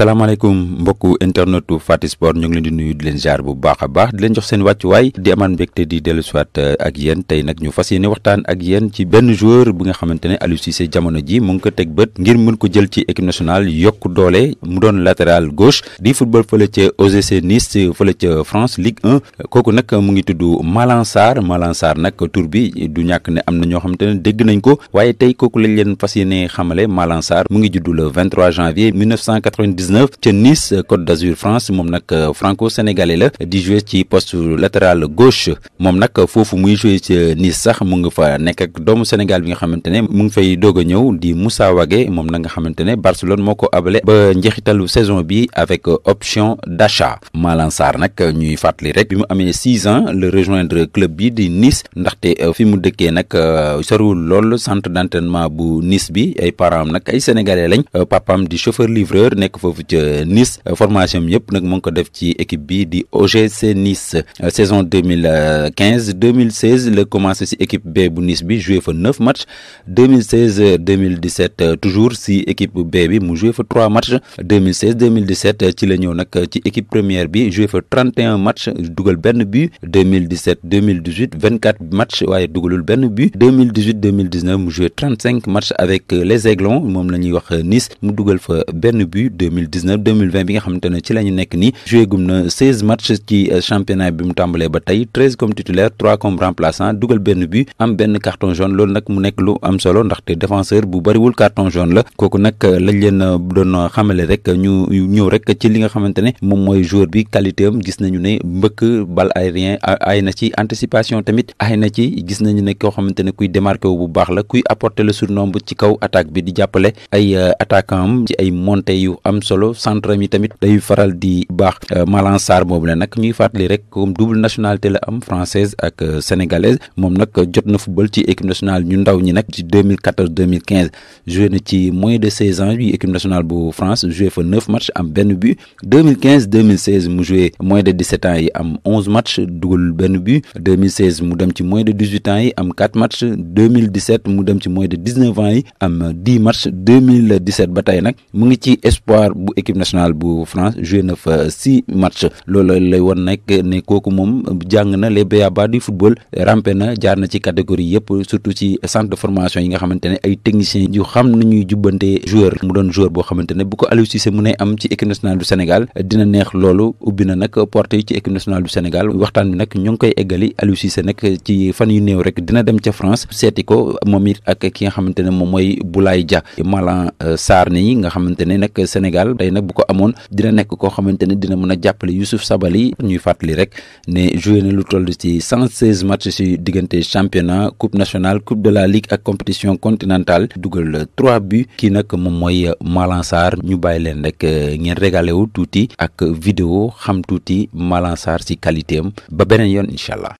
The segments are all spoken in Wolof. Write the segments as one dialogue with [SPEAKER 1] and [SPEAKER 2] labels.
[SPEAKER 1] salaamaaleykum mbokku internet Fati Sport ñoo ngi leen di nuyu di leen jaar bu baax a baax di leen jox seen waay di amaan te di dellu siwaat euh, ak yéen tey nag ñu fas yéene waxtaan ak yéen ci benn joueur bi nga xamante ne Aliou jamono ji mu ngi ko teg bët ngir mën ko jël ci équipe nationale yokk doole mu doon latéral gauche di football fële ca OGC Nice fële ca France Ligue 1 kooku nag mu ngi tudd Malang Sarr Malang Sarr tur bi du ñàkk ne am na ñoo xamante ne dégg nañ ko waaye tey kooku lañ leen fas xamale Malang Sarr mu ngi juddu le 23 janvier 1990 Nice Côte d'Azur France mom nak euh, franco-sénégalais la di jouer ci poste latéral gauche mom nak fofu muy jouer ci Nice sax mu nga fa nek ak Sénégal bi nga xamantene ne mu ngi fay doga di Moussa Wagé mom nag nga xamantene Barcelone moko ko ba saison bi avec euh, option d'achat Malan Sarr nag euh, ñuy fàttali rek bi mu six ans le rejoindre club bi di Nice ndaxte fi mu dëkkee nak soriwul lool centre d'entraînement bu Nice bi ay parents nak ay sénégalais lañ papam di chauffeur livreur nek Nice formation mieux nag mu ngi équipe OGC Nice saison 2015 2016 le commence si équipe B bu Nice joué 9 matchs 2016 2017 toujours si équipe B bi joué 3 matchs 2016 2017 ci la ñëw équipe première bi joué 31 matchs dougal Ben 2017 2018 24 matchs waaye dugalul Ben 2018 2019 mu joué 35 matchs avec les aiglons la ñuy Nice mu 2019 2020 bi nga xamantene ci lañu nek ni nii joué gum na 16 matchs ci euh, championnat bi mu tambalé ba tay 13 comme titulaire 3 comme remplaçant dougal benn but am benn carton jaune loolu nak mu nek lu am solo ndaxte défenseur bu bariwul carton jaune la koku nak euh, lañ leen euh, doon xamalé rek ñu ñew rek ci li nga xamantene mom moy joueur bi qualité am gis nañu né mbëkk bal aérien ay na ci anticipation tamit ay na ci gis nañu né ko xamantene kuy démarqué wu bu baax la kuy apporter le surnombre ci kaw attaque bi di jappalé ay attaquant am ci ay montée yu am solo centre mi tamit day faral di mobile euh, malansar Sarr boobu ñuy rek comme double nationalité la am française ak euh, sénégalaise mom nak jot na football ci équipe nationale ñu ndaw ñi nak ci 2014 2015 joué na ci moins de 16 ans bi équipe nationale bu France joué fa 9 matchs am benn but 2015 2016 mu joué moins de 17 ans yi am 11 matchs double benn but 2016 mu dem ci moins de 18 ans yi am 4 matchs 2017 mu dem ci moins de 19 ans yi am 10 matchs 2017 batai nak mu ngi ci espoir bu équipe nationale bu France joué na fa six match loolu lay woon nag ne kooku moom jàng na les b.a-ba du football rampe na jaar na ci catégorie yëpp surtout ci centre de formation yi nga xamante ne ay techniciens yu xam na ñuy jubbante joueur mu doon joueur boo xamante bu ko Aliou Cissé mu ne am ci équipe nationale du Sénégal dina neex loolu ubbi na nag porte yi ci équipe nationale du Sénégal waxtaan bi nag ñu ngi koy eggali Aliou Cissé ki nga xamante ne moom mooy Boulaye Dia Malang euh, Sarr nii nga xamante Sénégal day nag bu ko amone dina nek ko xamante dina mën a Youssouf Sabali ñuy fatali rek ne joué na lu toll ci cent matchs ci diggante championnat coupe nationale coupe de la ligue ak compétition continentale dugal trois buts ki nak moom mooy Malansar ñu bàyyi leen rek eh, ngeen régalé wu tuuti ak vidéo xam tuuti Malansar ci qualité ba benen yoon inshallah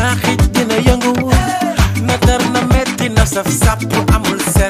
[SPEAKER 1] jaaxit dina yëngu na tar na metti na saf sàpp amul set